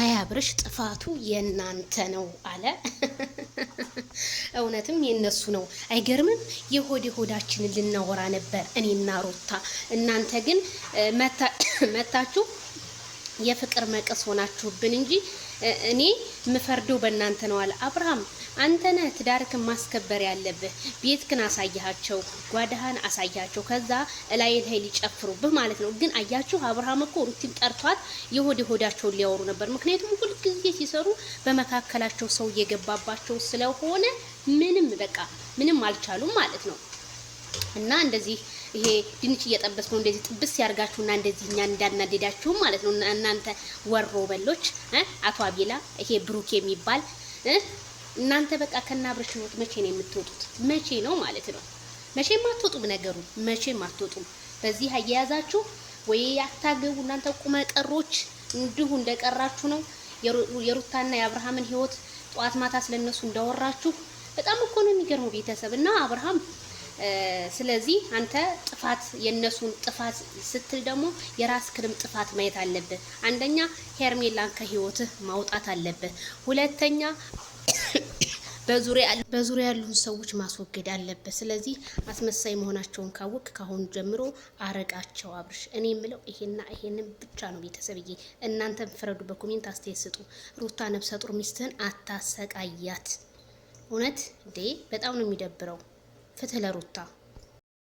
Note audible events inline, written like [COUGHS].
አያብርሽ ጥፋቱ የእናንተ ነው አለ። [LAUGHS] እውነትም የነሱ ነው። አይገርምም? የሆድ ሆዳችንን ልናወራ ነበር እኔና ሮታ። እናንተ ግን [COUGHS] መታችሁ የፍቅር መቀስ ሆናችሁብን እንጂ እኔ የምፈርደው በእናንተ ነው አለ አብርሃም። አንተ ነህ ትዳርክን ማስከበር ያለብህ። ቤትክን አሳያቸው፣ ጓዳህን አሳያቸው። ከዛ እላይ ላይ ሊጨፍሩብህ ማለት ነው። ግን አያችሁ አብርሃም እኮ ሩቲን ጠርቷት የሆድ ሆዳቸውን ሊያወሩ ነበር። ምክንያቱም ሁልጊዜ ሲሰሩ በመካከላቸው ሰው እየገባባቸው ስለሆነ ምንም በቃ ምንም አልቻሉም ማለት ነው። እና እንደዚህ ይሄ ድንች እየጠበስ ነው እንደዚህ ጥብስ ያርጋችሁና እንደዚህ እኛ እንዳናደዳችሁ ማለት ነው። እናንተ ወሮ በሎች አቶ አቤላ ይሄ ብሩክ የሚባል እናንተ በቃ ከናብረሽ ህይወት መቼ ነው የምትወጡት? መቼ ነው ማለት ነው። መቼም አትወጡም፣ ነገሩ መቼም አትወጡም። በዚህ አያያዛችሁ ወይ ያታገቡ እናንተ ቁመቀሮች እንዲሁ እንደቀራችሁ ነው። የሩታና የአብርሃምን ህይወት ጠዋት ማታ ስለነሱ እንዳወራችሁ በጣም እኮ ነው የሚገርመው ቤተሰብ እና አብርሃም ስለዚህ አንተ ጥፋት የነሱን ጥፋት ስትል ደግሞ ክርም ጥፋት ማየት አለብህ። አንደኛ ሄርሜላን ከህይወትህ ማውጣት አለብህ። ሁለተኛ በዙሪያ ያሉን ሰዎች ማስወገድ አለበት። ስለዚህ አስመሳይ መሆናቸውን ካወቅ ካሁኑ ጀምሮ አረቃቸው። አብርሽ እኔ የምለው ይሄና ይሄንን ብቻ ነው። ቤተሰብዬ እናንተ ፍረዱ፣ በኮሜንት አስተያየት ስጡ። ሩታ ነብሰ ጡር ሚስትህን አታሰቃያት። እውነት እንዴ! በጣም ነው የሚደብረው። ፍትህ ለሩታ